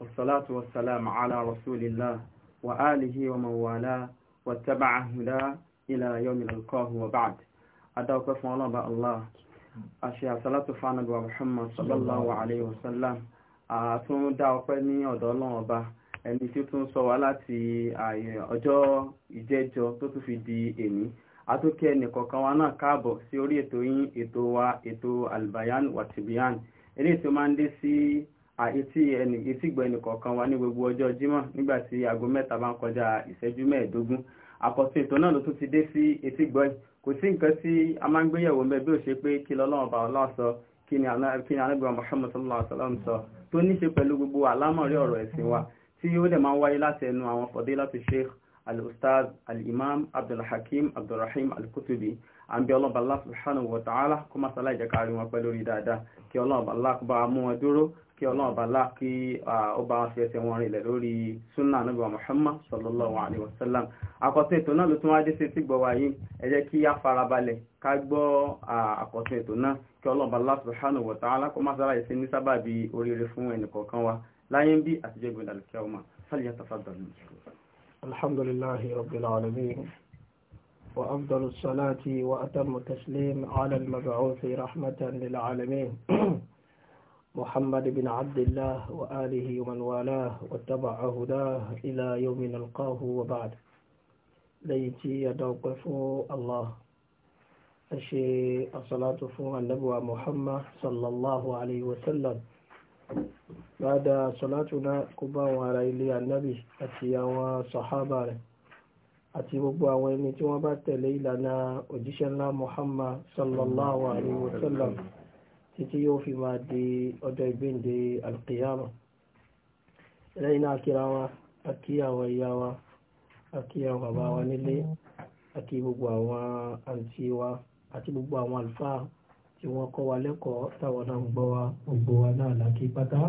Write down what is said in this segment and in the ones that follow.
wasalatu wasalam ala rasulillah wa alihi wa mawala wa taba'a huda ila yawmi alqahu wa ba'd adáwọ̀pẹ́ fún ọlọ́ba allah àṣẹ àsálátù fánàbà muhammad sallallahu alayhi wa sallam àtún dá ọpẹ́ ní ọ̀dọ̀ ọlọ́run ọba ẹni tí ó tún sọ wá láti ọjọ́ ìjẹ́jọ tó tún fi di èní àtúnkẹ́ ẹnìkọ̀ọ̀kan wa náà káàbọ̀ sí orí ètò yín ètò wa ètò albayan watibiyan eléyìí tó máa ń dé sí etí ẹni etígbọ̀ ẹnì kọ̀ọ̀kan wa ní gbogbo ọjọ́ jímọ̀ nígbà tí aago mẹ́ta bá ń kọjá ìṣẹ́jú mẹ́ẹ̀ẹ́dógún àkọsùn ètò náà ló tún ti dé sí etígbọ̀ yìí kò sí nǹkan tí a máa ń gbéyẹ̀wò mẹ́ bí ó ṣe pé kí lọ́lọ́run bá ọlá sọ kí ni anábìwọ̀n Muhammad sallallahu alaihi wasallam sọ tó ní ṣe pẹ̀lú gbogbo àlámọ̀rí ọ̀rọ̀ ẹ̀sìn wa tí ó dẹ̀ máa ń wáyé láti ẹnu àwọn fadilatu sheikh al-ustaz al-imam abdulhakim abdulrahim al-kutubi àbí ọlọ́ba Allah subhanahu wa ta'ala kó má sálà ìjẹ́ kárí wọn pẹ́ lórí dáadáa kí ọlọ́ba Allah kó bá mú wọn dúró kí ọlọ́ba Allah kí ó bá wọn fi ẹsẹ̀ wọn rinlẹ̀ lórí sunna anábìwá Muhammad sallallahu alayhi wa sallam àkọsí ètò náà ló tún wáá dé sí ti gbọ́ wa yìí ẹ jẹ́ kí á farabalẹ̀ ká gbọ́ àkọsí ètò náà kí ọlọ́ba Allah subhanahu وأفضل الصلاة وأتم التسليم على المبعوث رحمة للعالمين محمد بن عبد الله وآله ومن والاه واتبع هداه إلى يوم نلقاه وبعد ليتي يدوقف الله أشي الصلاة فوق النبوة محمد صلى الله عليه وسلم بعد صلاتنا قبا وعلى النبي أتيا وصحابه àti gbogbo àwọn ẹni tí wọ́n bá tẹ̀lé ìlànà òjíṣẹ́ ńlá Muhammad sallallahu alayhi wa sallam títí yóò fi máa di ọjọ́ ìgbéǹde alqiyama lẹ́yìn náà kíra wa àkí àwọn ìyá wa àkí àwọn bàbá wa nílé àkí gbogbo àwọn àǹtí wa àti gbogbo àwọn àlùfáà tí wọ́n kọ́ wa lẹ́kọ̀ọ́ táwọn náà ń gbọ́ wa gbogbo wa náà lákì pátá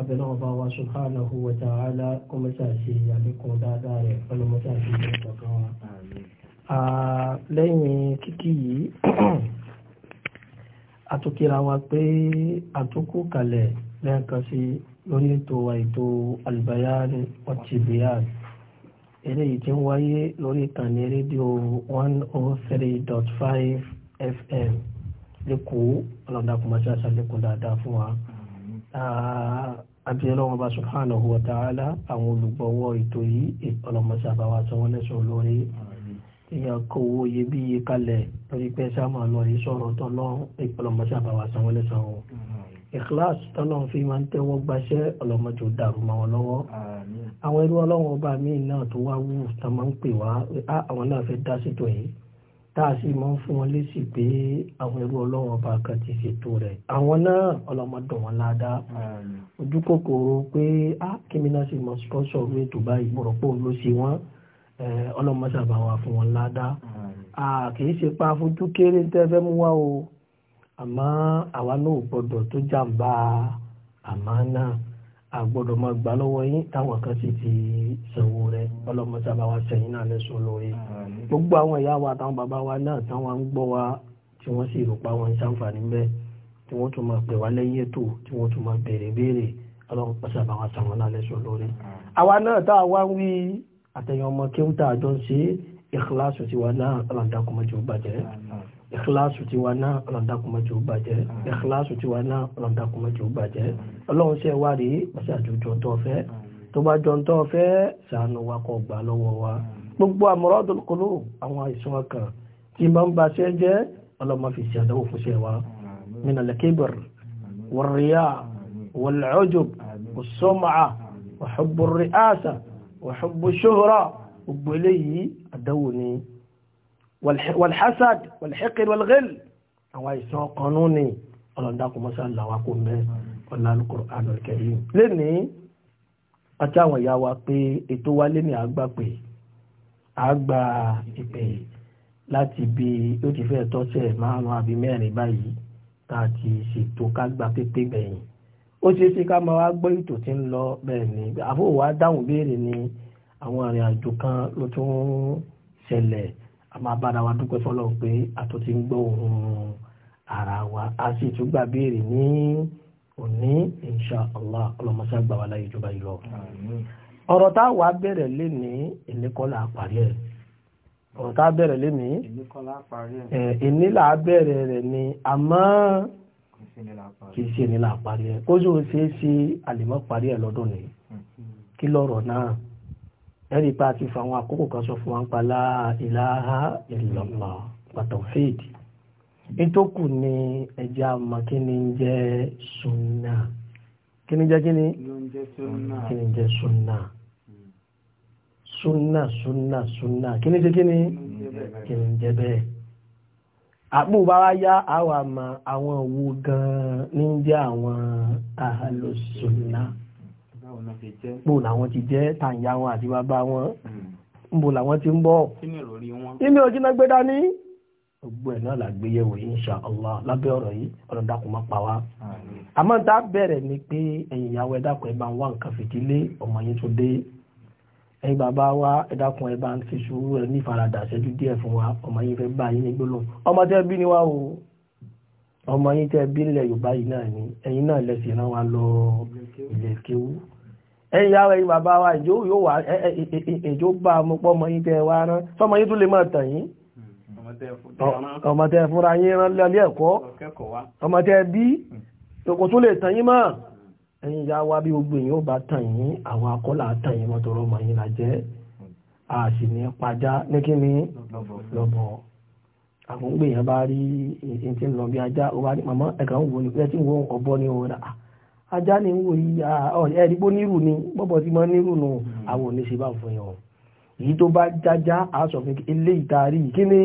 abẹ́lọ́wọ́ bá wa subhanahu wa ta'ala kó mẹ́ta ṣe àlékún dáadáa rẹ̀ pẹ̀lú mẹ́ta ṣe ìjọba kan wa. lẹ́yìn kíkí yìí àtúkìra wa pé àtúkù kalẹ̀ lẹ́ẹ̀kan sí lórí ètò wa ètò albayan eléyìí tí ń wáyé lórí ìkànnì rédíò one oh three dot five fm lẹ́kọ̀ọ́ dáadáa fún wa. Ah, àbí ọlọ́wọ́n bá subhanahu wa ta'ala àwọn olùgbọ́wọ́ ètò yìí ọlọ́mọṣẹ́ àbáwá sanwó lẹ́sọ̀ lórí èèyàn kó owó iyebíye kalẹ̀ lórí pé sáàmù àlọ́rí sọ̀rọ̀ tọ́lọ́run ọlọ́mọṣẹ́ àbáwá sanwó lẹ́sọ̀ wọn. ikhlas tọ́lọ́run fi máa ń tá a sì máa ń fún wọn lésì pé àwọn ẹrú ọlọ́run ọba kan ti ṣètò rẹ̀ àwọn náà ọlọ́mọdún wọn ládàá ojú kòkòrò pé á kíni náà sì máa sponsor orí ètò báyìí mo rò pé òun ló ṣe wọ́n ọlọ́mọṣàbà wà fún wọn ládàá kì í ṣe pa fojú kéré tẹ́ fẹ́ mú wá o àmọ́ àwa náà gbọ́dọ̀ tó jàǹbá àmọ́ náà àgbọ́dọ̀ máa gbà lọ́wọ́ yín táwọn kan sì ti sanwó rẹ̀ ọlọ́mọ sábà wa sẹ́yìn náà lẹ́sùn lórí gbogbo àwọn ìyá wa àtàwọn bàbá wa náà táwọn ń gbọ́ wa tí wọ́n sì rò pa wọn ń ṣàǹfààní bẹ́ẹ̀ tí wọ́n tún máa pè wá lẹ́yìn ètò tí wọ́n tún máa béèrè béèrè ọlọ́mọ sábà wa sàwọn náà lẹ́sùn lórí. àwa náà tá a wá ń wí àtẹ̀yìn ọmọ kéwútà àjọ ń ṣe ìkíláàsù tiwa náà ọlọ́dàkùnmọ́jọ́ bàjẹ́ ìkíláàsù tiwa náà ọlọ́dàkùnmọ́jọ́ bàjẹ́ ìkíláàsù tiwa náà ọlọ́dàkùnmọ́jọ́ bàjẹ́ ọlọ́run ṣe wá rèé wọ́n ṣe àjòjò tó fẹ́ tó bá jọ tó fẹ́ ṣàánú wa kó gbà lọ́wọ́ wa gbogbo amradul qulub àwọn àìsàn ọkàn tí máa ń ba ṣe jẹ́ ọlọ́mọ fi ṣe àdánwò fún ṣe wa minal kibr wal riya wal ujub was sum'a àwọn àìsàn ọkàn nù ni kò mọ́ṣáláà wá kó mẹ́rin ọ̀nà Al-Qur'an Al-Karim lẹ́ni àti àwọn ìyá wa pé ètò wa lẹ́ni àgbà pé àgbà ìpè láti bí ó ti fẹ́ tọ́sẹ̀ márùn-ún àbí mẹ́rin báyìí tá a ti ṣètò ká gba pépé gbẹ̀yìn ó ṣeé ṣe ká máa wá gbọ́ ètò tí ń lọ bẹ́ẹ̀ ni àfọwọ́ dáhùn béèrè ni àwọn arìnrìn àjò kan ló tún ṣẹlẹ̀ a máa bára wa dúpẹ́ fọlọ́ pé a ń gbọ́ ohùn ara wa a sì tún gbà béèrè ní òní insha allah ọlọmọsá gbà wà láyé ìjọba ìlọ ọ̀rọ̀ tá wàá bẹ̀rẹ̀ lé ní ìníkọ́lá àparí ẹ̀ ọ̀rọ̀ tá bẹ̀rẹ̀ lé ní ìnílà bẹ̀rẹ̀ rẹ̀ ni àmọ́ kìí ṣe ìnílà àparí ẹ̀ kó sóò ṣe é ṣe àlèmọ́ parí ẹ̀ lọ́dún ni kí lọ́rọ̀ náà ẹ̀rí pa àti fàwọn àkókò kan sọ fún wa ń pa la ilaha ìtòkù ni ẹja àmọ́ kí ni ń jẹ́ sunna kí ni jẹ́ kí ni kí ni jẹ́ sunna sunna sunna sunna kí ni jẹ́ kí ni kí ni jẹ́ bẹ́ẹ̀ àpò bá wá yá àwọn àmọ́ àwọn wo gan ní jẹ́ àwọn ahlu sunna bó làwọn ti jẹ́ tàǹyà wọn àti bàbá wọn ń hmm. bó làwọn ti ń bọ̀ kí ni òjìnà gbé gbogbo ẹ̀ náà làgbéyẹ̀wò insha allah lábẹ́ ọ̀rọ̀ yìí ọ̀rọ̀ dákun má pa wá. àmọ́ tá a bẹ̀rẹ̀ ni pé ẹ̀yin ìyàwó ẹ dákun ẹ bá ń wá nǹkan fìdílé ọmọ yín tó dé ẹ̀yin bàbá wa ẹ dákun ẹ bá ń fi sùúrù ẹ ní ìfaradà ṣẹ́jú díẹ̀ fún wa ọmọ yín fẹ́ bá yín ní gbólóhùn ọmọ tẹ́ bí ni wá o ọmọ yín tẹ́ bí nílẹ̀ yorùbá yìí náà ni ẹ̀yin náà lẹ́sìn náà wá lọ bàbá wa ìjó yóò wá ẹ̀jó bá ọmọ yín tẹ́ wá rán sọmọ yín tún lè máa tàn yín ọmọ tẹ́ fúnra yín rán lẹ́lẹ́ ẹ̀kọ́ ọmọ tẹ́ bí tòkò hmm. tó lè tàn yín máa ẹ̀yin ya wá bí gbogbo èyàn ó bá tàn yín àwọn akọ́là tàn yín mọ́tọ̀rọ ọmọ yín la jẹ́ a sì ní pajá ní kí ni lọ́bọ̀ àwọn gbé èyàn bá rí ẹni tí ń lọ bí ajá ó bá ní màmá ẹ̀kà ń wò ní pẹ́ tí wọ́n ọ̀bọ ní òun rà ajá ni ń wò yí ah, ẹ̀rí bó nírù ni bọ́bọ̀ tí mọ́ nírù nù hmm. àwọn o èyí tó bá jájá aṣọ fún ilé ìtarí kíní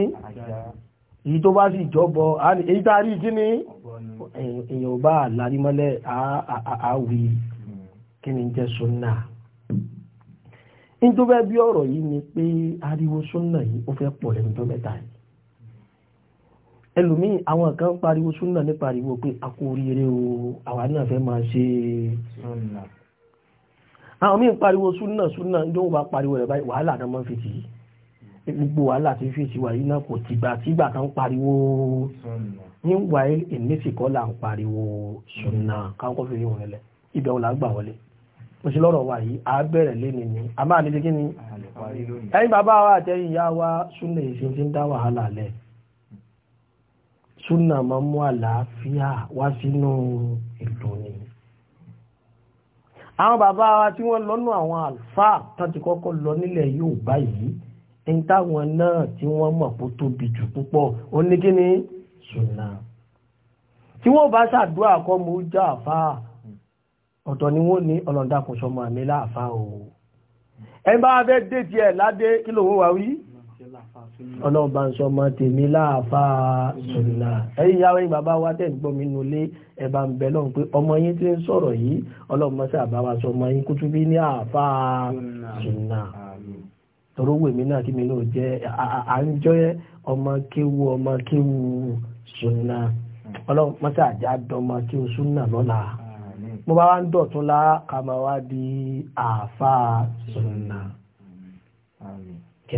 èyí tó bá sì jọ́bọ èyí tarí kíní èyàn bá lárímọ́lẹ̀ àáwí kíní jẹ́ súnà ní tó bẹ́ bí ọ̀rọ̀ yìí ni pé ariwo súnà yìí ó fẹ́ pọ̀ lẹ́nu tó mẹ́ta yìí àwọn kan pariwo súnà ní pariwo pé a o àwa náà fẹ́ máa ṣe súnà àwọn míì pariwo súnà súnà ní òun bá pariwo rẹ̀ báyìí wàhálà náà máa ń fèsì gbogbo wàhálà tí fèsì wà yìí náà kò tìgbà tígbà kan pariwo ní wà ń pariwo súnà káwọn fi rí wọn ibẹ̀ wọn là ń gbà wọlé lọ́rọ̀ wà yìí a bẹ̀rẹ̀ léni ni a máa nílé kí ni ẹ̀yin bàbá wa àtẹ̀yìn ìyá wa súnà ìsìn ti ń dá wàhálà lẹ̀ súnà máa mú àlàáfíà wá sínú ni àwọn bàbá wa tí wọ́n lọ́nà àwọn àlùfáà tó ti kọ́kọ́ lọ nílẹ̀ yóò báyìí ní táwọn náà tí wọ́n mọ̀ kó tóbi jù púpọ̀ ó ní tí wọ́n bá ṣàdúrà kọ́ mo já àfáà ọ̀tọ̀ ni wọ́n ní ọlọ́dà kò sọmọ àmì láàfáà o ẹ bá fẹ́ dé tiẹ̀ ládé kí lòun wà wí ọlọ́run bá ń sọ ọmọ tèmi láàfáà sùnà ẹ̀yìn yàwó yìí bàbá wa tẹ̀ ń gbọ́ mi nù lé ẹ̀bà ń bẹ lọ́hùn pé ọmọ yín ti ń sọ̀rọ̀ yìí ọlọ́run mọ́sí àbáwá sọ ọmọ yín kútú bí ní àáfáà sùnà tọrọ owó èmi náà kí mi náà jẹ́ à ń jọ́ ọmọ kéwu ọmọ kéwu sùnà ọlọ́run mọ́sí àjà dọ́mọ kéwu sùnà lọ́la mo bá wá ń dọ̀tún lá ká máa wá di àáfáà sùnà kí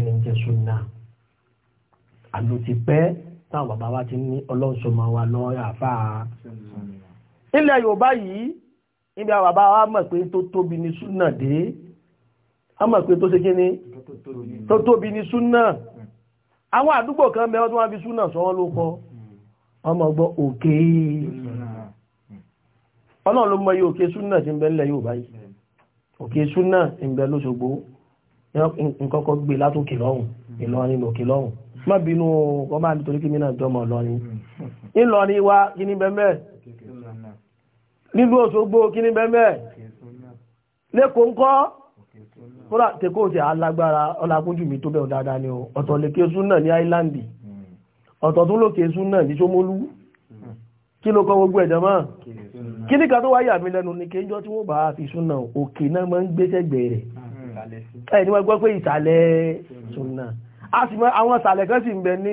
àlò ti pẹ́ táwọn bàbá wa ti ní ọlọ́sọmọ wa lọ àfà ilẹ̀ Yorùbá yìí níbi àwọn bàbá wa mọ̀ pé tó tóbi ní súnà dé a mọ̀ pé tó ṣe kí ni tó tóbi ní súnà àwọn àdúgbò kan mẹ́wọ́n tó wá fi súnà sọ wọ́n ló kọ́ ọmọ gbọ́ òkè ọlọ́run ló mọ iye òkè súnà ti ń bẹ nílẹ̀ Yorùbá yìí òkè súnà ń bẹ lóṣogbo nǹkan kan gbé látòkè lọ́hùn Ìlọrin òkè lọ́hùn Ma bínú ọmọ àmì torí kí mi náà dọ́mọ̀ lọ́rin ńlọrin wa kí ní bẹ́ẹ̀ nílùú Òṣogbo kí ní bẹ́ẹ̀ lẹ́kọ̀ọ́ ńkọ́ fúnra tẹ́kọ́ ti alágbára ọlákúnjù mi tó bẹ̀ dáadáa ni ọ̀tọ̀ lèkè súnà ní áìláńdì ọ̀tọ̀ tún lòkè súnà ní Ṣómólú kí ló kọ gbogbo ẹ̀jẹ̀ mọ́ kí ní ká tó wáyà mi lẹ́nu ní kéjọ́ tí wọ́n bá fi súnà òkè náà máa ń gbéṣẹ́gbẹ̀ẹ́ rẹ̀ ẹ̀ ní wọ́n gbọ́ pé ìsàlẹ̀ súnà a sì mọ àwọn ìsàlẹ̀ kan sì ń bẹ ní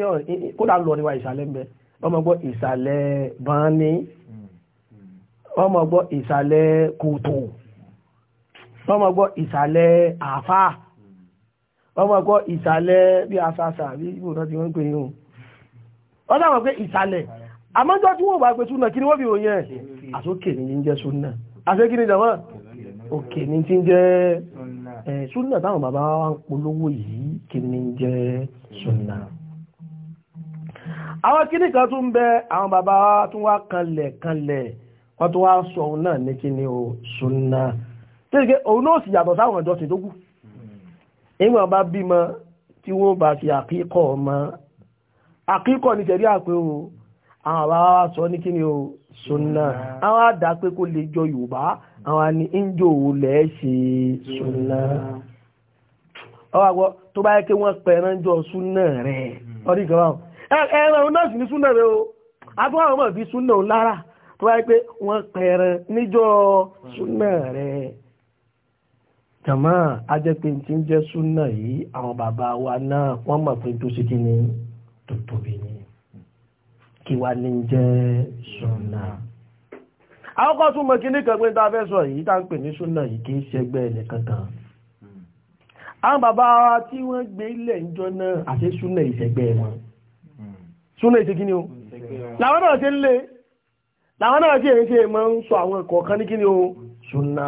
kódà ń lọ níwá ìsàlẹ̀ ń bẹ ọmọ gbọ́ ìsàlẹ̀ bánni ọmọ gbọ́ ìsàlẹ̀ kòtò ọmọ gbọ́ ìsàlẹ̀ àfà ọmọ gbọ́ ìsàlẹ̀ bí asàsà bí ìbòdàn tí wọ́n ń pè yín o wọ́n dáwọn pé ìsàlẹ̀ àmọ́jọ́ tí wọ́n bá pẹ̀ súnà kí ni wọ́n fi ròyìn ẹ̀ àsókè ní jẹ́ súnà àṣẹ́kí ní jẹ́ súnà táwọn bàbá wa ń polówó yìí kí ni jẹ́ súnà àwọn kíní kan tún bẹ àwọn bàbá wa tún wá kanlẹ̀ kanlẹ̀ wọ́n tún wá sọ òun náà ní kí ni o súnà tí ìgbé òun náà sì yàtọ̀ sáwọn ìjọsìn tó kù ìwọ̀n bá bímọ tí wọ́n bá fi àkíkọ̀ ọmọ àkíkọ̀ ní tẹ̀rí àpé o àwọn àbáwá wa sọ ní kíni o sunna àwọn àdá pé kó lè jọ yorùbá àwọn àni ìjọ òwò lẹ̀ ṣe sunna ọwọ́ àgbọ̀ tó bá yẹ kí wọ́n pẹ̀rán jọ sunna rẹ̀ ọdí kan báwọn ẹ̀rọ náà sì ní sunna rẹ̀ o àtúwọ̀ àwọn ọmọ ìbí sunna òun lára tó bá yẹ pé wọ́n pẹ̀rán níjọ sunna rẹ̀ jàmá ajẹ́pé tí ń jẹ́ súnà yìí àwọn bàbá wa náà wọ́n mọ̀ pé tó ṣe kí ni tó tóbi ni kí wá ní jẹ́ súnà àwọn kan tún mọ̀ kí ní kẹgbẹ́ tá a fẹ́ sọ yìí tá ń pè ní súnà yìí kìí ṣẹgbẹ́ ẹnìkan kan àwọn bàbá tí wọ́n gbé ilẹ̀ ìjọ náà àti súnà ìṣẹgbẹ́ wọn súnà ìṣẹ́ kíni o làwọn náà ṣe ń lé làwọn náà ṣe ṣe mọ́ ń sọ àwọn ẹ̀kọ́ kan ní kíni o súnà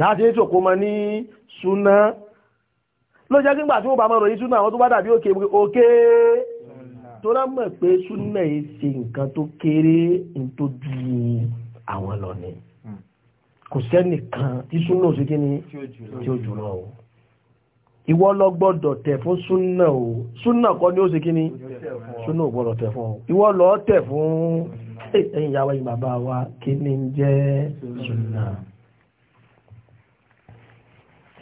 láti ṣe òkú mọ́ ní súnà ló jẹ́ kí ń gbà tí wọ́n bá mọ̀ ròyìn súnà àwọn tó bá dàbí òkè òkè tó rá mọ̀ pé súnà yìí ṣe nǹkan tó kéré ní tó ju àwọn lọ ni hmm. kò sẹ́nìkan tí súnà òsì kí ni tí ó jùlọ o ìwọ lọ gbọ́dọ̀ tẹ̀ fún súnà o súnà kọ́ ni ó sì kí ni súnà ò gbọ́dọ̀ tẹ̀ fún o lọ tẹ̀ fún hmm. ẹ̀yìn yìí bàbá wa kí ni ń jẹ́ súnà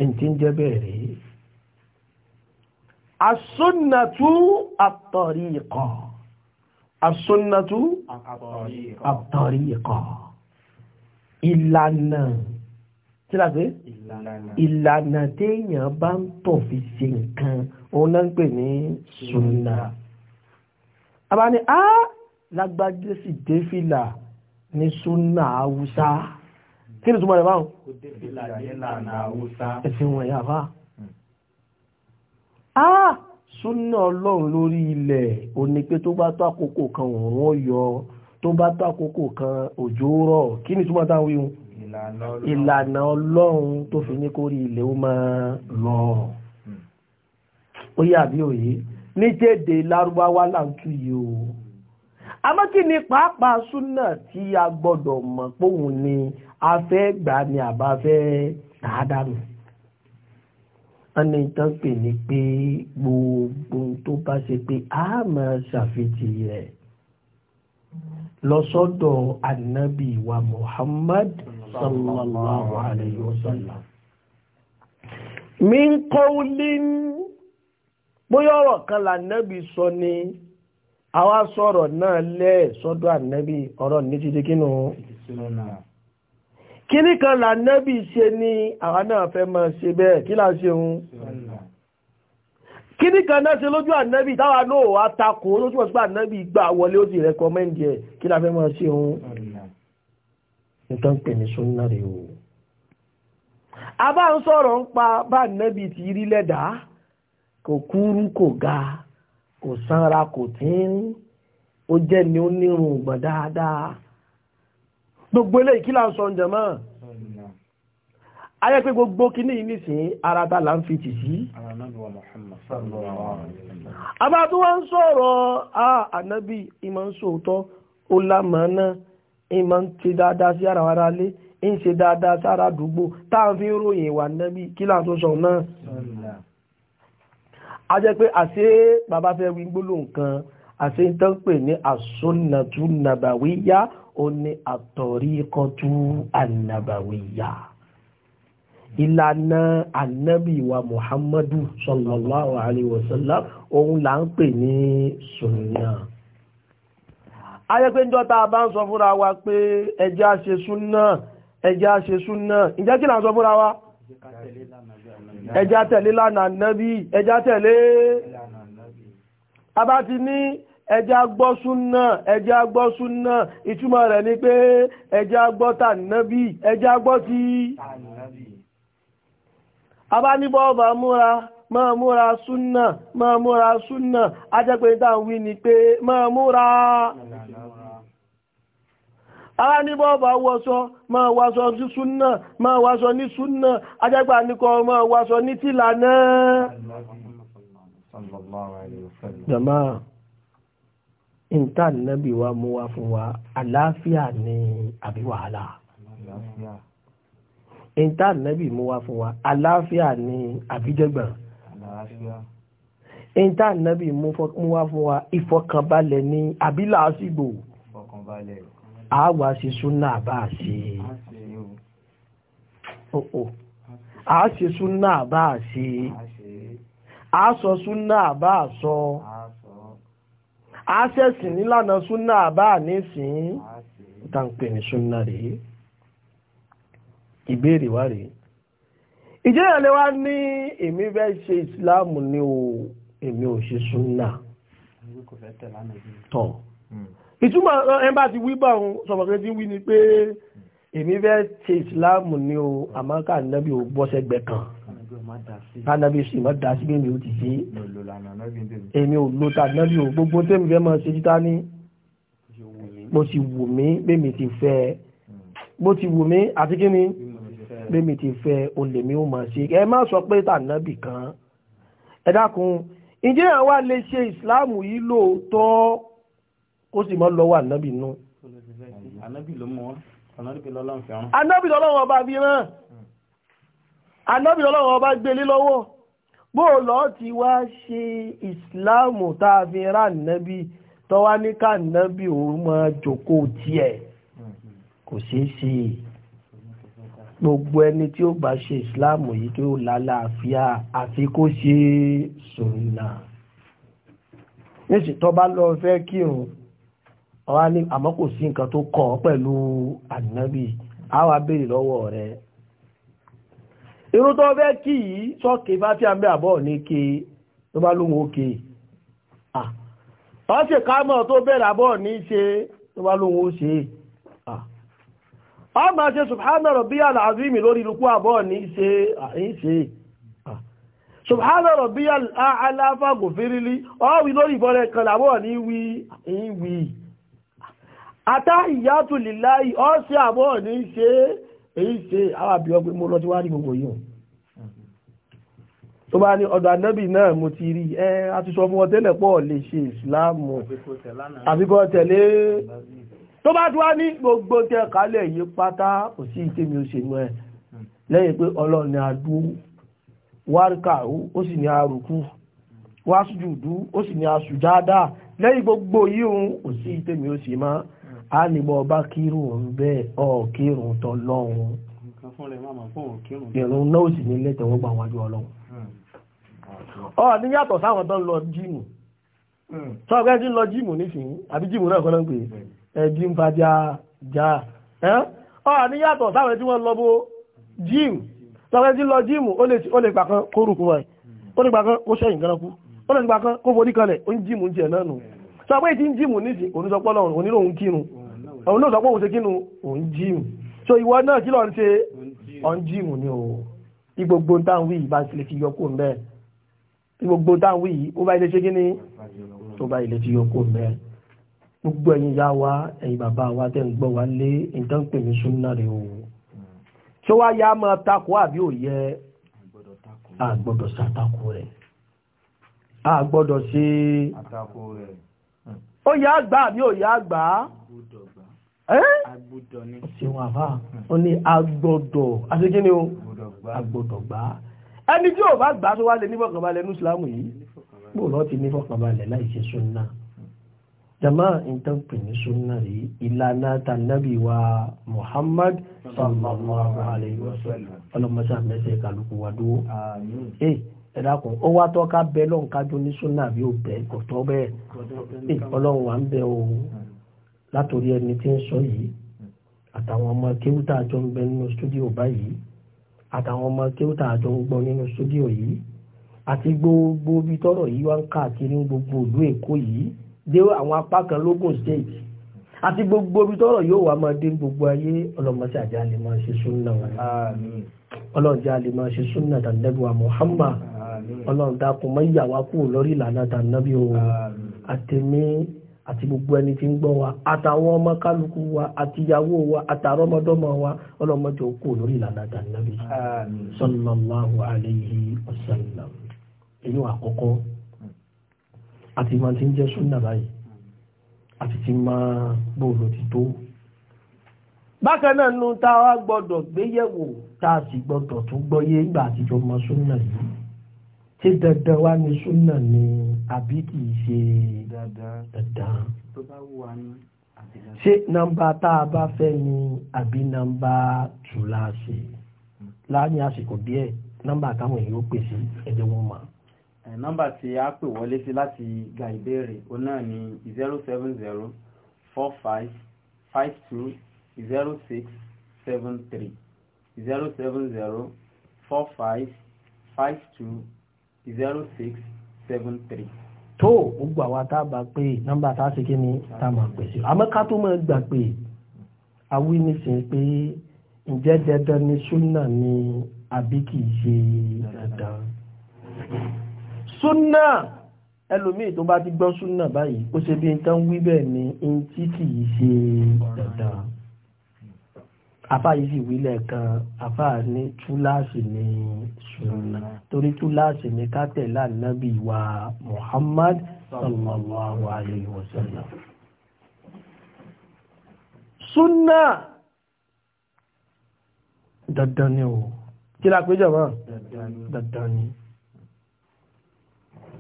ẹ̀yìn asúnnàtú àtọ̀ríkọ̀ asúnnàtú àtọ̀ríkọ̀ ìlànà tí láti ìlànà téèyàn bá ń tọ̀ fi ṣe nǹkan òun náà ń pè ní súnnà àbá ni á lágbájé sì dé ní súnnà haúsá kí ni túnmọ̀ rẹ̀ báwọn ẹ̀sìn wọn ìyá ah súnà ọlọ́run lórí ilẹ̀ ò ní pé tó bá tó àkókò kan òun yọ tó bá tó àkókò kan òjò rọ̀ kí ni túmọ̀ táwọn wíhun ìlànà ọlọ́run tó fi ní kórí ilẹ̀ ó máa lọ hmm. ó yà bí òye ní jẹ́dẹ̀ lárúbáwá láǹtú yìí o àmọ́ ni pàápàá súnà tí a gbọ́dọ̀ mọ̀ póhùn ni a fẹ́ gbà ni àbá fẹ́ tàádánù ẹni tán pè ní pé gbogbo tó bá ṣe pé a máa ṣàfihàn rẹ̀ lọ́sọ́dọ̀ ànábì wa Muhammad sallallahu alayhi wa sallam min qawlin bóyá ọ̀rọ̀ kan lànábì sọ ni àwa sọ̀rọ̀ náà lẹ́ẹ̀ sọ́dọ̀ ànábì ọ̀rọ̀ ní títí kínú kíní kan là nẹ́bì ṣe ní àwa náà fẹ́ máa ṣe bẹ́ẹ̀ kí là ṣe hun kíní kan náà ṣe lójú ànẹ́bì táwa náà wá takò ó lójú ọ̀sùpá ànẹ́bì gbà wọlé ó sì rẹ́kọmẹ́ndì ẹ̀ kí là fẹ́ máa ṣe hun nítorí pè súnà rèé o a bá ń sọ̀rọ̀ ń pa bá nẹ́bì ti rí lẹ́dà kò kúrú kò ga kò sanra kò tín ó jẹ́ ni ó nírun gbọ̀n dáadáa gbogbo ilé ìkílà ń sọ ǹjẹ̀mọ́ ayẹ́ pé gbogbo kí ní ìnísìn ara ta là ń fi tì sí àbá tó wá ń sọ̀rọ̀ ànábì ìmọ̀ ń sòótọ́ ó lámọ̀ọ́ná ìmọ̀ ń ti dáadáa sí ara ara lé ń ṣe dáadáa sára àdúgbò táà fi ń ròyìn ìwà nábì kí láà tó sọ náà a jẹ́ pé àṣé bàbá fẹ́ wí gbólóhùn kan àti tó ń pè ní àsúnnàtú nàbàwíyá ó ní àtọ̀ríkọ́tú ànàbàwíyá ìlànà ànábì wa muhammadu sallallahu alaihi wa sallam òun là ń pè ní sunna ayẹ́pẹ́ níjọ́ tá a bá ń sọ fúnra wa pé ẹjẹ́ á sunna ẹjẹ́ á sunna ǹjẹ́ kí là ń sọ fúnra wa ẹjẹ́ á lánàá nábì ẹjẹ́ á aba ti ní ẹjẹ́ agbọ́sún náà ẹjẹ́ agbọ́sún náà ìtumọ̀ rẹ̀ ni pé ẹjẹ́ ta nábì bi agbọ́ti abá níbọ̀ ọba múra máa múra súnà máa múra súnà ajẹ́pẹ́ tá à ń wí ni pé máa múra ara ní bọ́ọ̀bà wọ́sọ máa wáṣọ ní súnà máa wáṣọ ní súnà ajẹ́gbà ní kọ́ máa wáṣọ ní tìlà jama nta nabi wa mú wa fún wa àlàáfíà ni àbí wàhálà nta nabi mú wa fún wa àlàáfíà ni àbí jẹgbọn nta nabi mú wa fún wa ìfọkànbalẹ̀ ni àbí làásìgbò àwa sí súnà bá a ṣe àá ṣe súnà bá a aṣọ súnà àbá àṣọ aṣẹ́sìn nílànà súnà àbá nísìn tàǹpẹ̀ ní súnà rèé ìbéèrè wá rèé ìjẹ́yẹ̀lẹ́ wá ní èmi fẹ́ ṣe ìsìláàmù ní o èmi ò ṣe súnà tọ̀ ìtumọ̀ ẹmbà ti wíbà ohun sọ̀bọ̀kẹ́ ti wí ni pé èmi fẹ́ ṣe ìsìláàmù ní o àmọ́ ká ò bọ́sẹ̀gbẹ̀ kan kánábí sì mọ́ dá sí bẹ́ẹ̀ mi ò ti ṣe é èmi ò lo tàbí o gbogbo tẹ́mi fẹ́ máa ṣe títà ní mo sì wù mí bẹ́ẹ̀ mi ti fẹ́ bó hmm. ti wù mí àti kí ni bẹ́ẹ̀ mi ti fẹ́ olè mi ò máa ṣe ẹ má sọ pé tànábì kan ẹ dákun ǹjẹ́ àwa lè ṣe ìsìláàmù yìí lóòótọ́ kó sì mọ́ lọ́wọ́ ànábì nù. ànábì ló mọ́ ànábì lọ́lọ́run fẹ́ràn. ànábì lọ́lọ́run ọba bí rán. Hmm anábì ọlọ́run ọba gbé lé lọ́wọ́ bó lọ́ ti wá ṣe ìsìláàmù tá a fi rà nábì tó wá ní ká nábì òun máa jókòó tiẹ̀ kò ṣeé ṣe gbogbo ẹni tí ó bá ṣe ìsìláàmù yìí tó lálàáfíà àfi kó ṣe sùnnà níṣì tó bá lọ fẹ́ kírun ọ̀hán ní àmọ́ kò sí nǹkan tó kọ̀ pẹ̀lú ànábì àwa béèrè lọ́wọ́ rẹ̀ irú tó fẹ́ kí yìí sọ́kè bá tí a ń bẹ́ àbọ̀ ní kí ló bá lóhun òkè ọ́ sì kámọ̀ tó bẹ̀rẹ̀ àbọ̀ ní ṣe ló bá lóhun ó ṣe ọ́ máa ṣe subhana rabbiyal azim lórí lukú àbọ̀ ní ṣe àyín ṣe subhana rabbiyal a'la faghfirli ọ́wí lórí ìbọ̀rẹ̀ kan làbọ̀ ní wí àyín wí atahiyyatu lillahi ọ́ sí àbọ̀ ní ṣe èyí ṣe àwọn àbí ọgbẹ́ gbogbo yìí tó bá ní ọ̀dọ̀ anábì náà mo ti rí ẹ a ti sọ fún wọn tẹ́lẹ̀ pọ̀ lè ṣe ìsìláàmù àfikọ́ tẹ̀lé tó bá tó wá ní gbogbo tẹ kálẹ̀ yìí pátá kò sí ìtẹ́mi òṣèlú ẹ̀ lẹ́yìn pé ọlọ́run ni adú wáríkà ó sì ní arùkú wásùjùdú ó sì ní asùjádá lẹ́yìn gbogbo yíhun kò sí ìtẹ́mi òṣèlú mọ́ a nìbọn ọba kírun òun bẹ́ẹ̀ ọ̀ọ́kírun tọ́ lọ́hùn-ún ìrùn náà sì ní lẹ́tẹ̀wọ́gbà wájú ọlọ́run hmm ọ ní yàtọ̀ sáwọn tó ń lọ jíìmù tó ọgbẹ́ tí ń lọ jíìmù nísìnyí àbí jíìmù náà kọ́nà ń pè é hmm. jíìm fàjà já ọ ní yàtọ̀ sáwọn tí wọ́n lọ bó jíìmù tó ọgbẹ́ tí ń lọ jíìmù ó lè gbàkan kó rùkú rẹ̀ ó lè gbàkan kó sẹ́yìn kan kú ó lè gbàkan kó forí kalẹ̀ ó ń jíìmù jẹ náà nù sọ ọgbẹ́ tí ń jíìmù nísìnyí òun sọ pọ́lọ́ òun nílò òun kírun òun náà sọ pé òun ṣe kírun òun jíìmù so ìwọ náà kí lọ́n ṣe ọ̀n jíìmù o ìgbogbo táwọn wí ìbá ti lè fi yọ kó ń bẹ́ẹ̀ tí gbogbo dáwí yìí ó bá ilé ṣe kí ni tó bá ilé tí yóò kó mẹ́ gbogbo ẹ̀yin yá wa ẹ̀yin bàbá wa tẹ́ ń gbọ́ wa lé ìtàn pè ní súnà rẹ̀ o ṣé wá yá máa takò àbí ò yẹ àgbọ́dọ̀ sátakò rẹ̀ àgbọ́dọ̀ sí ó yá àgbà àbí ò yá àgbà ṣe wọn àbá ó ní agbọ́dọ̀ àti kí ni o agbọ́dọ̀ gbà ẹni tí ò bá gbà tó wá lè nífọ̀kànbalẹ̀ ní ìsìlámù yìí gbòòrò ti nífọ̀kànbalẹ̀ láì ṣe súnná jama nǹkan pè súnná rí ìlànà tànàbí wa Muhammad sallallahu alayhi wa sallam ọlọmọṣà mẹsẹ kálukú wa dúró eh, ẹ dákun ó wá tọ́ka bẹ lọ́n kájú ní súnná bí ó bẹ kò tọ́ bẹ́ẹ̀ eh, ọlọ́run wa ń àtàwọn ọmọ kéwútà àjọ gbọ́ nínú sódíò yìí àti gbogbo bí tọ́rọ̀ yìí wá ń káàkiri gbogbo ìlú Èkó yìí dé àwọn apá kan lógún state àti gbogbo bí tọ́rọ̀ yóò wá máa dé gbogbo ayé ọlọmọsí àjẹ àlè máa ṣe súnà ọlọjẹ àlè máa ṣe súnà tàǹdẹ́bùwà Muhammad ọlọ́run dákun mọ́ ìyàwó kúrò lórí ìlànà tàǹdẹ́bì o àtẹ̀mí àti gbogbo ẹni tí ń gbọ́ wa àtàwọn ọmọ kálukú wa àtìyàwó wa àtàrọmọdọ́mọ wa ọlọ́mọdé òkú lórí ìlànà àdánilẹ́bí sallallahu alayhi wa sallam èyí wà kọ́kọ́ àti máa ti ń jẹ́ súnà báyìí àti ti máa gbòòrò ti tó. bákan náà nu tá a gbéyẹ̀wò tá a sì gbọ́dọ̀ tún gbọ́yé ìgbà àtijọ́ mọ súnà yìí ṣé dandan wá ní súnà ni àbí kì í ṣe dandan ṣé nọ́mbà tá a bá fẹ́ ni àbí nọ́mbà tùlàṣì láàrin àsìkò díẹ̀ nọ́mbà táwọn èèyàn pèsè ẹ̀jẹ̀ wọn mọ̀. nọ́mbà tí a pè wọlé sí láti gba ìbéèrè òun náà ni zero seven zero four five five two zero six seven three zero seven zero four five five two zero six seven three. tó gbogbo àwa tá a bá pé nọ́mbà tá a ṣe kí ni tá a máa pè sí àmọ́ ká tó máa gbà pé awí nísìnyí pé ǹjẹ́ dandan ni súnà ni àbí kì í ṣe dandan. súnà ẹlòmíì tó bá ti gbọ́ súnà báyìí ó ṣe bí n tán wí bẹ́ẹ̀ ni n tí kì í ṣe dandan àfà yìí sì wí lẹ́ẹ̀kan àfà ní túláàsì ní sunna torí túláàsì ní ká tẹ̀lé ànábì wa Muhammad sallallahu alayhi wa sallam sunna dandan ni o kí la pé jọ̀mọ́ dandan ni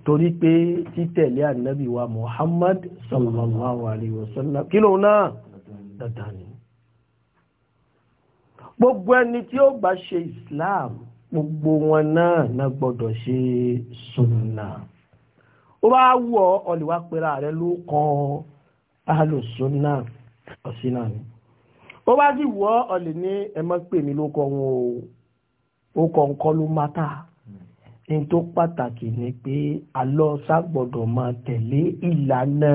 torí pé títẹ̀lé ànábì wa Muhammad sallallahu alayhi wa sallam kí lóun náà dandan ni gbogbo ẹni tí ó bá ṣe islam gbogbo wọn náà náà gbọ́dọ̀ ṣe sunna ó bá wù ọ́ ọlùwà pera rẹ ló kọ alùsùnà ọ̀sìnà ni ó bá sì wù ọ́ ọlù ní ẹmọ pè mí ló kọ wọn o ó kọ nǹkan ló mátà ní tó pàtàkì ni pé alọ́ ságbọ́dọ̀ máa tẹ̀lé ìlànà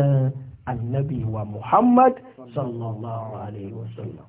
ànábì wa Muhammad sallallahu alayhi wa sallam.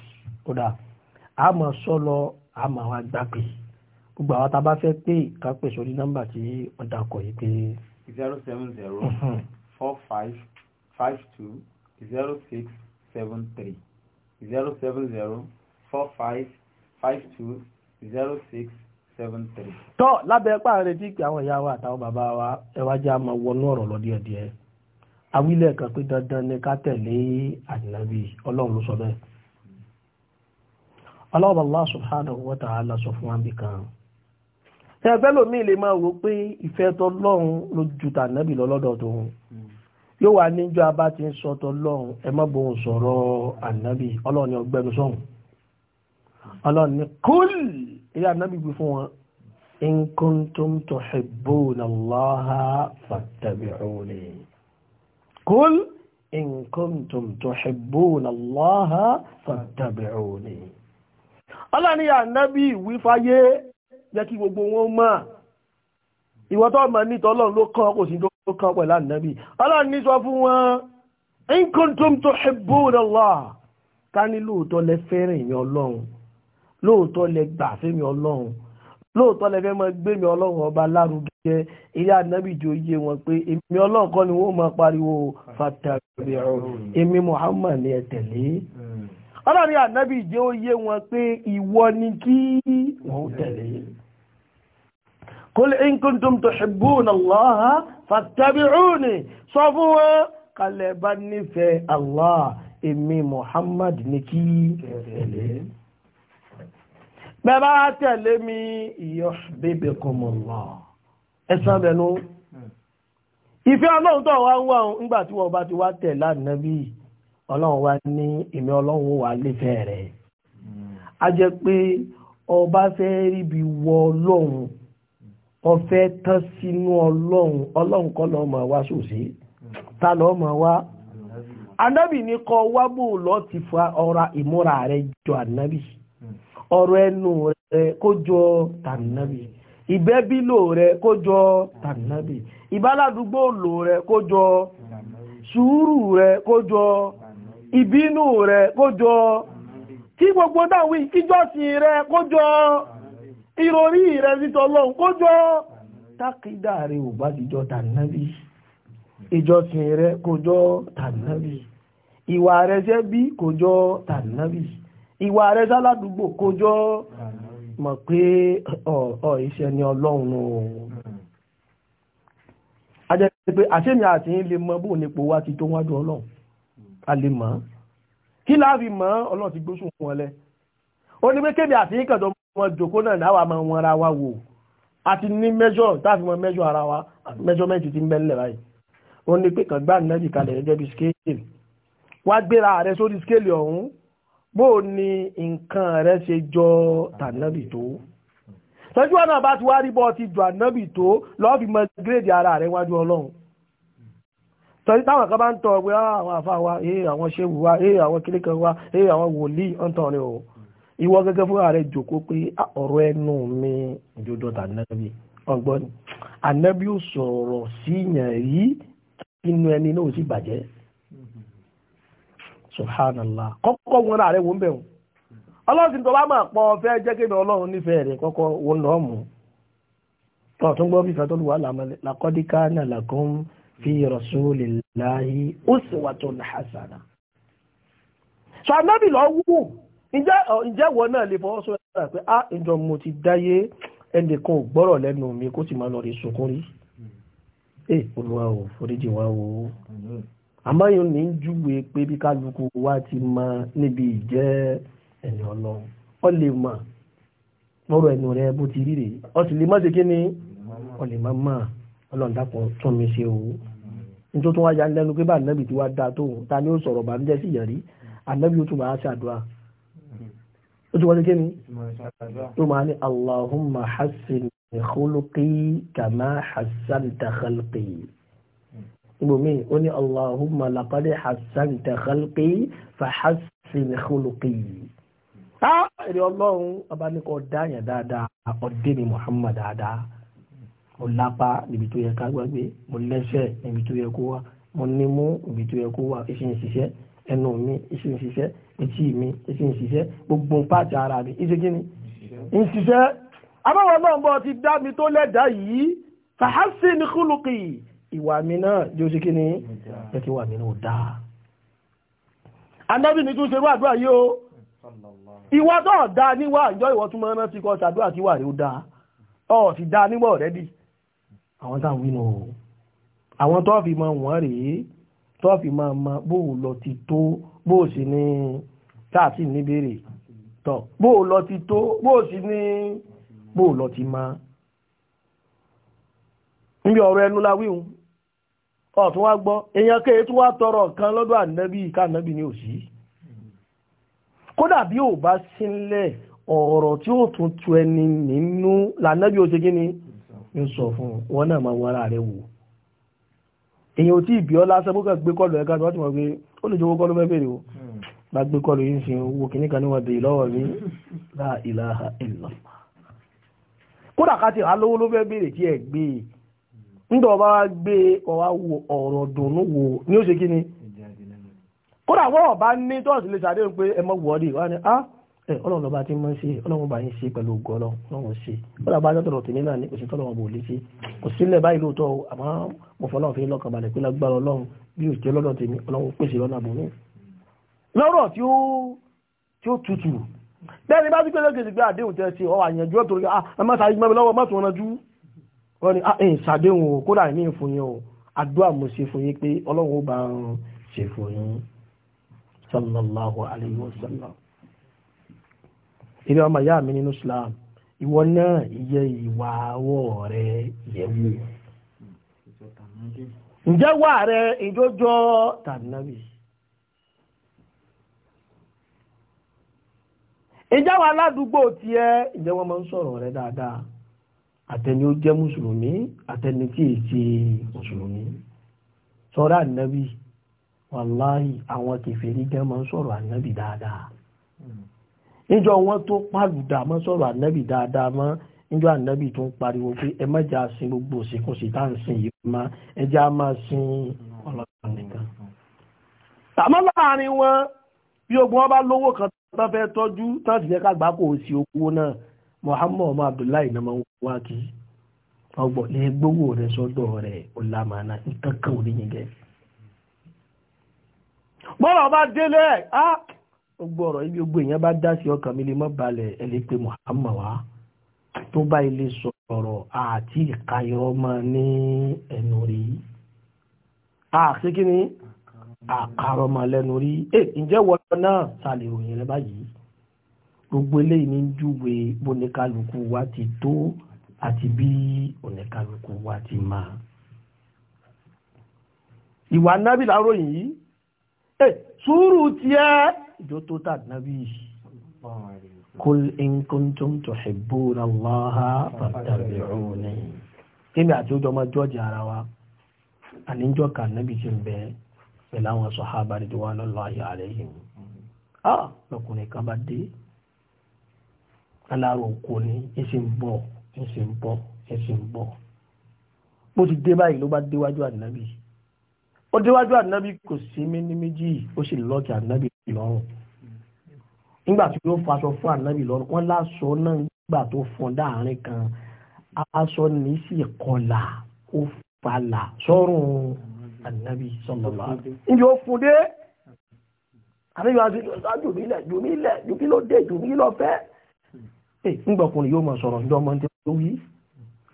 kódà a mọ̀ sọ lọ a mọ̀ wá gbà pé gbogbo àwọn tá a pé ká pè sórí nọ́mbà tí wọ́n dakọ̀ yìí pé. zero seven zero mhm. four five five two zero six seven three zero seven zero four five five two zero six seven three. tọ́ lábẹ́ ẹ̀pá rẹ̀ tí kí àwọn ìyá wa àtàwọn bàbá wa ẹ wá jẹ́ àmọ́ wọnú ọ̀rọ̀ lọ díẹ̀díẹ̀ awílẹ̀ kan pé dandan ni ká tẹ̀lé ànábì ọlọ́run ló sọ bẹ́ẹ̀ aláwọ̀ Allah subhanahu wa ta'ala sọ fún wa bí kan ẹgbẹ́ lómi lè máa wò pé ìfẹ́ tọlọ́run ló ju tànàbì lọ́lọ́dọ̀ tóun yóò wá níjọ́ abá ti ń sọ tọlọ́run ẹ má bóun sọ̀rọ̀ ànábì ọlọ́run ni ọgbẹ́nu sọ̀hún ọlọ́run ọlọ́niyà nábì wí fáyé jẹ́ kí gbogbo wọn mọ̀ ìwọ tó mọ̀ ní tọ́lọ́run ló kàn kò sí tó kàn pẹ̀lú ànábì ọlọ́run sọ fún wọn in kuntum tuhibbuna Allah ká ní lóòótọ́ lẹ fẹ́ràn èmi ọlọ́run lóòótọ́ lẹ gbà fẹ́mi ọlọ́run lóòótọ́ lẹ fẹ́ mọ gbémi ọlọ́run ọba lárugẹ ni wọ́n máa pariwo fatabi'u èmi Muhammad ni ẹ ọlọ́run ànábì jẹ́ ó yé wọn pé ìwọ ni kí wọ́n tẹ̀lé kul in kuntum tuhibbuna Allaha òní sọ fún wọn kalẹ̀ bá nífẹ̀ẹ́ Allah Muhammad ní kí tẹ̀lé bẹ́ẹ̀ bá tẹ̀lé mi ẹ̀sán ìfẹ́ ọlọ́run tó wá ń ń gbà tí wọ́n bá ti wá yìí ọlọ́run wa ní èmi ọlọ́run wà lẹ́fẹ̀ẹ́ rẹ̀ hmm. a jẹ́ pé ọba fẹ́ ríbi wọ ọlọ́run wọ́n fẹ́ tán sínú ọlọ́run ọlọ́run kọ́ lọ́ mọ̀ wá sòsí hmm. ta lọ́ mọ̀ wá anábì ní ti fa ọra ìmúra rẹ jọ anábì hmm. ọrọ ẹnu rẹ kó jọ ìbẹ́bílò kó jọ ìbáládùúgbò lò kó jọ ìbínú rẹ̀ kójọ kí gbogbo dáwí ìjọsìn rẹ̀ kójọ ìròrí rẹ̀ títọ́ lọ́hùn kójọ tákídà rẹ̀ ò bá ti jọ tànábì ìjọsìn rẹ̀ kójọ tànábì ìwà rẹ̀ kójọ ìwà rẹ̀ sáládùúgbò kójọ mọ̀ pé ọ̀ iṣẹ́ ni ọlọ́run o ajẹ́ pé àti ilé mọ́ nípò wá ti tó wájú ọlọ́run a lè mọ̀ kí láàrin mọ́ ọlọ́run ti gbóṣù fún ọlẹ́ ó ní pé kébì àti ìkàndọ̀ mọ́ jòkó náà náwà máa wọn ara wa wò àti ní mẹ́jọ́ táàfin mọ́ mẹ́jọ ara wa mẹ́jọ́mẹ́jì ti ń bẹ́lẹ̀ báyìí ó ní pé kàn gbá nínú ìkàlẹ̀ gẹ́gẹ́ bí scale wá gbéra rẹ sórí scale ọ̀hún bó o ní nǹkan rẹ ṣe jọ tànàbì tó tọ́jú ọ̀nà bá ti wá rí bọ́ ti jọ ànábì tó lọ́ọ́ fi mọ gírèdì ara rẹ wájú ọlọ́run tọ́rí táwọn kan bá ń tọ́ ọgbẹ́ ah, àwọn àfa wa ee eh, àwọn ṣéwù ee eh, àwọn kíríkan wa ee eh, àwọn wòlíì o ìwọ gẹ́gẹ́ fún ààrẹ jòkó pé ah, ọ̀rọ̀ ẹnu mi ìjọdọ̀ tànàbí ọgbọ́n ni ànábì ò sọ̀rọ̀ síyàn rí inú ẹni náà sì bàjẹ́ subhanallah kọ́kọ́ wọn ààrẹ wọn bá máa pọ̀ fẹ́ jẹ́ ọlọ́run nífẹ̀ẹ́ rẹ̀ kọ́kọ́ wọn lọ́ọ̀mù gbọ́ fífẹ́ tó lù náà fi rasulillahi uswatun hasana so anábì lọ wù ǹjẹ́ wọ náà lè fọwọ́ sọ ẹ̀rọ pé a ah, ìjọ mo ti dáyé ẹnìkan ò gbọ́rọ̀ lẹ́nu mi kó sì máa lọ rí sunkún rí ẹ hmm. eh, olúwa ò foríjì wá o àmọ́ yóò ní júwe pé bí kálukú wa ti mọ níbi ìjẹ́ ẹni ọlọ́run ọ lè mọ̀ mọ́rọ̀ ẹnu rẹ bó ti rí rèé ọ sì lè má ṣe kí ni ọ lè má mọ̀ ọlọ́run tún mi ṣe o nítorí tó wá ya lẹ́nu pé bá ànábì tí wá da tó òun ta ni ó sọ̀rọ̀ bá ń jẹ́ sí ìyẹ̀rí ànábì ó tún máa ṣe àdúrà ó tún wọlé kémi ó máa ní Allahumma hassin khuluqi kama hassanta khalqi ibùmí ó ní Allahumma laqad hassanta khalqi fa hassin khuluqi ah èrè ọlọ́run ọba ní dáadáa ọdẹ Muhammad dáadáa mo lápá níbi tó yẹ ká gbàgbé mo lẹ́sẹ̀ níbi tó yẹ kó wà mo nímú níbi tó yẹ kó wà èsì ń ṣiṣẹ́ ẹnu mi èsì ń ṣiṣẹ́ etí mi èsì ń ṣiṣẹ́ gbogbo pàtì ara mi ìṣe kí ni ń ṣiṣẹ́ abáwọn náà bọ́ ti dá mi tó lẹ́dàá yìí fàhásì ní kúlùkì ìwà mi náà jẹ́ oṣù kí ni ẹ ti wà mí náà dáa anábì ní tún ṣe wà àdúrà yìí o ìwà tó dáa níwà ìjọ ìwọ̀túnmọ́ náà ti kọ́ ṣàdúrà tí wà rí ó dáa ọ̀ ti dáa níwà ọ̀rẹ́dì àwọn táwọn wínú o àwọn tó fi mọ wọn rèé tó fi mọ mọ bó o lọ ti tó bó o sì ní táàtì níbèrè tọ bó o lọ ti tó bó o sì ní bó o lọ ti mọ. níbi ọ̀rọ̀ ẹnu la wíhun ọ̀tún wá gbọ́ èèyàn kéye tún wá tọrọ kan lọ́dọ̀ ànábì ká ànábì ni ò sí kódà bí ò bá sílẹ̀ ọ̀rọ̀ tí ó tún tu ẹni nínú lànábì ó ṣe kí ni ń sọ fún un wọn náà máa wọra rẹ wò èyàn ò tí ì bí ọ lásán bó kà gbé kọlù ẹ̀ka tó wọ́n ti mọ̀ pé ó lè jọwọ́ kọlù mẹ́fẹ̀ẹ́ o hmm. bá gbé kọlù yìí ń sin owó kìíní kan níwọ̀n bèè lọ́wọ́ mi la ilaha illallah kódà ká ti alówó ló fẹ́ béèrè tí ẹ gbé e hmm. ńdọ̀ bá wá gbé ọwá wo ọ̀rọ̀ dùnú wo ní ó ṣe kí ni kódà wọ́n ọ̀bá ní tọ́ọ̀sì lè ṣàdéhùn pé ẹ mọ̀ wọ́ọ́dì wá ní ah ọlọ́run lọ́ba tí mọ́ sí ọlọ́run bá yín sí pẹ̀lú ògùn ọlọ́run sí ọlọ́run bá dọ́tọ̀rọ̀ tì nílà ní kò sí tọ́lọ́run bò lé sí kò sílẹ̀ báyìí lóòótọ́ àmọ́ mo fọ́ ọlọ́run fi lọ́kàn balẹ̀ pé lágbára ọlọ́run bí òjò lọ́dọ̀ tèmi ọlọ́run pèsè lọ́nà àbòmí. lọ́rọ̀ tí ó tí ó tutù bẹ́ẹ̀ ni bá dúpẹ́ lókèjì pé àdéhùn tẹ́ sí ọwọ́ àyànjú ọ̀tọ̀ rẹ̀ ah, ẹ má sáré gbẹ́mi lọ́wọ́ mọ́tò wọ́n ni ah, ẹ ṣàdéhùn o kódà ní ìfún yín o àdúrà mo ṣe fún yín pé ọlọ́run ó bá ń ṣe fún yín sallallahu alayhi wa eré ọmọ ìyá mi nínú Islam ìwọ náà iye ìwà àwọ̀ rẹ yẹ̀wò ǹjẹ́ wà rẹ ìjọjọ́ tàbí ìjẹ́ wà ládùúgbò tí ẹ ìjẹ́ wọ́n máa ń sọ̀rọ̀ rẹ dáadáa àtẹni ó jẹ́ mùsùlùmí àtẹni tí è ṣe mùsùlùmí sọ̀rọ̀ ànábì wàláhì àwọn kèfèrí gan máa ń sọ̀rọ̀ ànábì dáadáa níjọ wọn tó pàlùdà mọ́ sọ̀rọ̀ ànábì dáadáa mọ́ níjọ ànábì tó ń pariwo pé ẹ mẹ́jà sin gbogbo òsìkúnsì tá ń sin yìí mọ́ ẹjẹ́ á máa sin ọlọ́run nìkan. tàmọ́ láàrin wọn bí ogun wọn bá lówó kan tó fẹ́ tọ́jú tó sì fẹ́ kágbá kò sí owó náà Muhammad ọmọ Abdullahi náà máa ń wá kí ọgbọ̀n lè gbowó rẹ̀ sọ́dọ̀ rẹ̀ ọ̀làmàna nǹkan kan ò ní yẹn gẹ́. bọ́lá ọba délé ah gbogbo ọ̀rọ̀ ibi gbogbo èèyàn bá dá sí ọkàn mi lè mọ́ balẹ̀ ẹ lè pe Muhammad wá tó bá ilé sọ̀rọ̀ àti ìka irọ́ mọ́ ní ẹnu rí àṣé kí ni àkàrọ̀ mọ́ lẹ́nu rí ẹ ǹjẹ́ wọ́n náà sàlẹ̀ ìròyìn rẹ báyìí gbogbo eléyìí ní júwe bóníkálukú wa ti tó àti bí oníkálukú wa ti máa ìwà nábìlà ròyìn yìí sùúrù tiẹ̀ ìjọ tó tà nàbí kul in kuntum tuhibbuna allaha fattabi'uni kíni àti ojú ọmọ jọ́ọ̀jì ara wa àníjọ́ kan nàbí ti ń bẹ pẹ̀lú àwọn sọ̀hábà rẹ̀ tó wà lọ́lọ́ ayé ààrẹ yìí ah lọkùnrin kan bá dé aláàrò òkú ni ẹ sì yìí ó déwájú ànábì kò sí mí ní méjì ó sì lọ́ọ̀kì ànábì lọ́rùn nígbà tí ó faṣọ fún ànábì lọ́rùn wọ́n láṣọ náà nígbà tó fún dáàrin kan aṣọ ní sì kọlà ó falà sọ́rùn ànábì sọlọ́lá níbi ó fún dé ànábì wá sí jùmí lẹ̀ jùmí lẹ̀ jùmí ló dé jùmí lọ fẹ́ ẹ̀ ńgbọ̀kùnrin yóò mọ̀ sọ̀rọ̀ ńdọ́mọ́ ní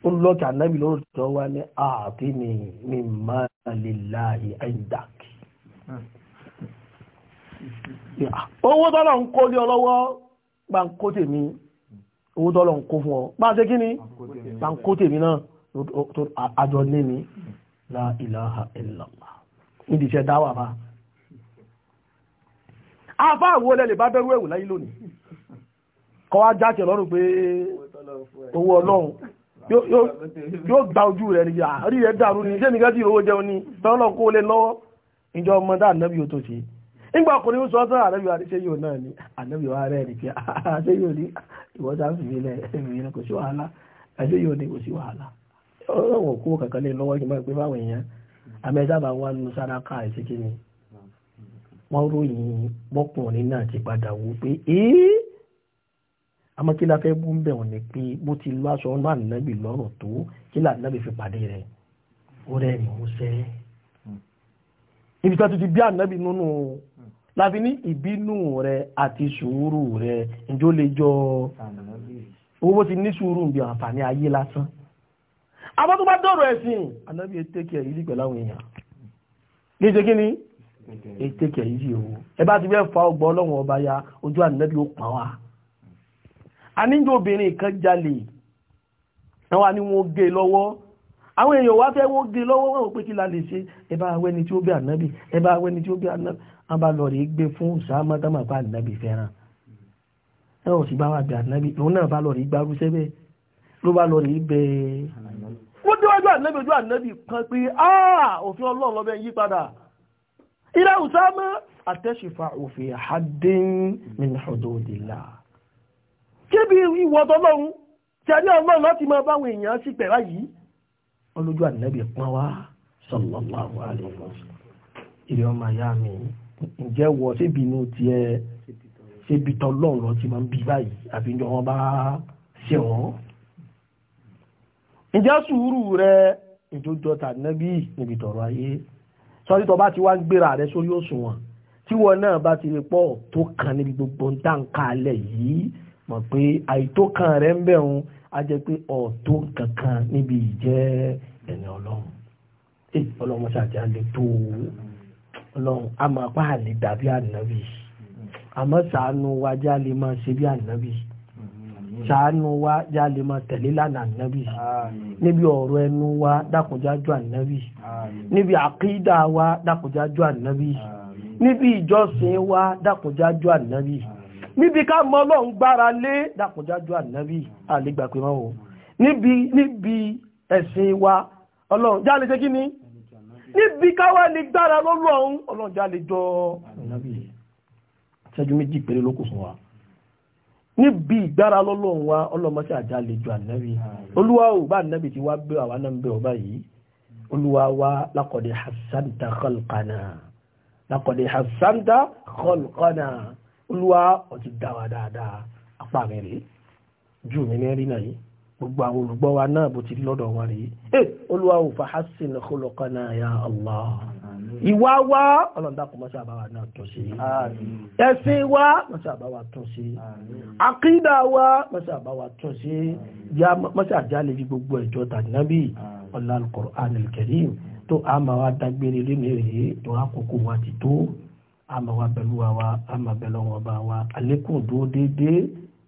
ó lọ́kì ànábì lórí tó wá ní ààbí ni mi máa lè láàyè àìdàkì owó tọ́lọ̀ ń kó lé ọlọ́wọ́ bá ń kó tèmi owó tọ́lọ̀ ń kó fún ọ bá ṣe kí ni bá ń kó tèmi náà àjọ ní mi la ilaha illallah iṣẹ́ dáwà bá afá àwọn olè bá bẹ̀rù ẹ̀wù láyé lónìí kọ́ wá jákè lọ́rùn pé owó ọlọ́run yóò gba ojú rẹ̀ ní àrí rẹ̀ dàrú ní iṣẹ́ nìkan tí ìrówó jẹun ní tọ́lọ̀ kó lé lọ́wọ́ ìjọ ọmọ dá ànábì tó ṣe nígbà ọkùnrin ó sọ ọ́sán ànábì wa ṣe yóò náà ní ànábì wa rẹ̀ ní pé ṣe yóò ní ìwọ sá fi ilẹ̀ ìrìn kò sí wàhálà yóò kò sí wàhálà kó kankan lọ́wọ́ èèyàn wà nù wọ́n ròyìn bọ́kùnrin náà ti padà pé àmọ́ kí la fẹ́ bú ń bẹ̀ wọ́n ni pé bó ti lọ aṣọ ọ̀nà ànábì lọ́rùn tó kí là ànábì fi pàdé rẹ̀ ó rẹ̀ ní oṣẹ́ ibi tó ti bí ànábì nínú láfi ní ìbínú rẹ̀ àti sùúrù rẹ̀ njó lè jọ owó ti ní sùúrù bí àǹfààní ayé lásán àmọ́ bá dọ̀rọ̀ ẹ̀sìn ànábì ètèkì ẹ̀yí lè pẹ̀lú àwọn èèyàn ní ṣe kí ni ètèkì ẹ̀yí owó ẹ bá ti fẹ́ fa ọgbọ́ ọlọ́run ọba ya ojú ànábì ó pa wá aníjò obìnrin kan jalè àwọn ni wọ́n gé e lọ́wọ́ àwọn èèyàn wá fẹ́ wọ́n gé e lọ́wọ́ wọn ò pé kí la lè ṣe ẹbá awẹ́ni tí ó bí ànábì ẹbá awẹ́ni tí ó bí ànábì àbá lọ rí gbé fún sàmátàmà pa ànábì fẹ́ràn ẹ ò sì bá wà bí ànábì òun náà bá lọ rí gbárúṣẹ́ bẹ́ẹ̀ kébi ìwọ̀dọ̀ lọ́run tẹ̀lé ọlọ́run láti máa báwọn èèyàn sí pẹ̀lá yìí olójú ànábì pọ́n wá sallallahu alaihi wasallam ilé ọmọ ayá mi ǹjẹ́ wọ síbi inú tiẹ̀ síbi tọ́lọ́run lọ ti máa ń bí báyìí àfi ní ọmọ bá ṣe wọ́n ǹjẹ́ sùúrù rẹ ìjọjọ tànábì níbi tọ̀rọ̀ ayé sọ́rí tó bá ti wá ń gbéra rẹ sórí òṣùwọ̀n tí wọn náà bá ti rí pọ̀ tó kan níbi gbogbo ń tà ń kalẹ̀ yìí mọ̀ pé àìtó kan rẹ̀ ń bẹ̀ òun á jẹ́ pé ọ̀tó kankan níbi ìjẹ́ ẹni ọlọ́run ẹ ọlọ́run ṣàjà lè tó ọlọ́run a máa pa àlè dàbí ànábì àmọ́ ṣàánú wa já lè máa ṣe bí ànábì ṣàánú wa já lè máa tẹ̀lé lánàá ànábì níbi ọ̀rọ̀ ẹnu wa dákunjájú ànábì níbi àkídà wa dákunjájú ànábì níbi ìjọsìn wa dákunjájú ànábì níbi ká mọ ọlọ́run gbára lé dàpọ̀jájú ànábì àlégbàpé mọ́ o níbi níbi ẹ̀sìn wa ọlọ́run já lè ṣe kí ni níbi ká wá lè gbára lọ́lọ́run ọlọ́run já lè jọ ànábì ṣẹ́jú méjì péré ló kù fún wa níbi ìgbára lọ́lọ́run wa ọlọ́mọṣẹ́ àjá lè jọ ànábì olúwa ò bá ànábì ti wá gbé àwa náà ń bẹ ọba yìí olúwa wa lákọ̀dé hasanta khalqana lákọ̀dé hasanta khalqana olúwa ọ̀tí dá wa dáadáa apá mi rèé jù mí ní rí náà yìí gbogbo àwọn olùgbọ́ wa náà bó ti lọ́dọ̀ wọn rèé ẹ olúwa ò fa hasin khuluqana ya Allah ìwà wa ọlọ́dà kò mọ́ṣá bá wa náà tún sí ẹ̀sìn wa mọ́ṣá bá wa tún sí àkídà wa mọ́ṣá bá tún sí mọ́ṣá jálè bí gbogbo ìjọ tàdínábì ọ̀là al-Qur'an al tó a máa dágbére lónìí rèé tó àkókò wa ti tó ama wa pẹ̀lú wa wa àmà bẹ̀lọ́ wọn bá wa àlékún dúró déédéé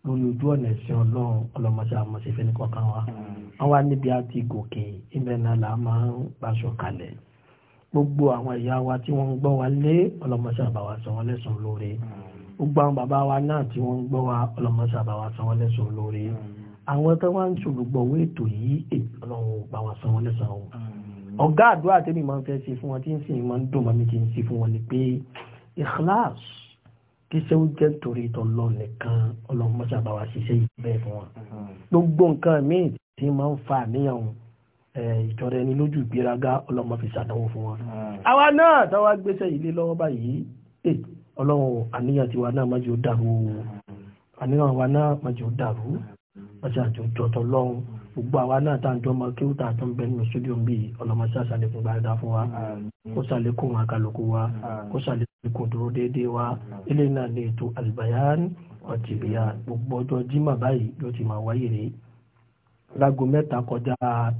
lórí ojú ọ̀nà ẹ̀sìn ọlọ́run ọlọ́mọṣẹ́ àmọ́ṣe fẹ́ ní kọ̀ọ̀kan wa wọ́n wá níbi àti gòkè ibẹ̀ náà là máa ń gbaṣọ kalẹ̀ gbogbo àwọn ìyá wa tí wọ́n ń gbọ́ wa lé ọlọ́mọṣẹ́ àbáwá san wọ́n lẹ́sùn lóore gbogbo àwọn bàbá wa náà tí wọ́n ń gbọ́ wa ọlọ́mọṣẹ́ àbáwá san wọ́n lẹ́sùn lóore àwọn tó wá ń ṣòlùgbọ̀ owó ètò yìí ọlọ́run bá wa san wọ́n lẹ́sùn ọ̀hún àdúrà tẹ́mi máa ń fẹ́ ṣe fún wọn tí ń sìn máa ń dùn mọ́ mi kì í ṣe fún wọn ni pé ikhlas kí ṣe ó jẹ́ torí tọ́lọ́ nìkan ọlọ́mọṣà bá wa ṣiṣẹ́ ìbẹ́ fún wa gbogbo nǹkan míì tí máa ń fa àníyàn ìjọra ẹni lójú ìgbéraga ọlọ́mọ fi ṣàdánwò fún wa. àwa náà táwa gbéṣẹ́ ilé lọ́wọ́ báyìí eh, ọlọ́run àníyàn tiwa náà má jẹ́ ó dàrú àníyàn wa náà má jẹ́ ó dàrú ọjà àjọ jọtọ lọ́hùn gbogbo àwa náà tá à ń jọ ọmọ kí ó tà tó ń bẹ nínú sódíọ̀mù bíi ọlọmọṣẹ́ àṣàlẹ̀kùn gbàdá fún wa kó ṣàlékún àkàlùkù wa kó ṣàlékún kò dúró déédéé wa ilé náà lè tó albayan ọ̀tìbíyà gbogbo ọjọ́ jimá báyìí yóò ti máa wáyé rèé láago mẹ́ta kọjá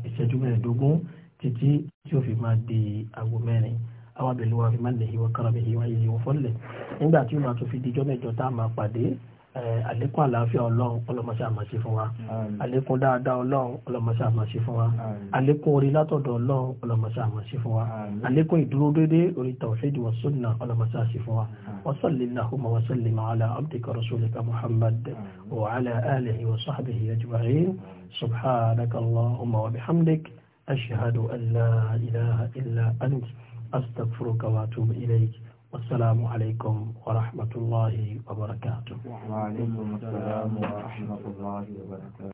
ìṣẹ́jú mẹ́ẹ̀ẹ́dógún títí tí ó fi máa di aago mẹ́rin àwọn abẹ̀lú wa fi máa lè yíwọ́ kára mi yíwọ́ yíwọ́ fọ́lẹ̀ nígbà tí ó máa tún fi dijọ́ mẹ́jọ tá a máa pàdé àlékún àlàáfíà ọlọ́run ọlọ́mọṣẹ́ àmàṣe fún wa àlékún dáadáa ọlọ́run ọlọ́mọṣẹ́ àmàṣe fún wa àlékún orí látọ̀dọ̀ ọlọ́run ọlọ́mọṣẹ́ àmàṣe fún wa àlékún ìdúró déédéé orí tawhid wa sunna ọlọ́mọṣẹ́ àṣe fún wa wa salli allahumma wa sallim ala abdika rasulika muhammad wa ala alihi wa sahbihi ajma'in subhanaka wa bihamdik ashhadu an ilaha illa ant astaghfiruka wa atubu والسلام عليكم ورحمة الله وبركاته وعليكم السلام ورحمة الله وبركاته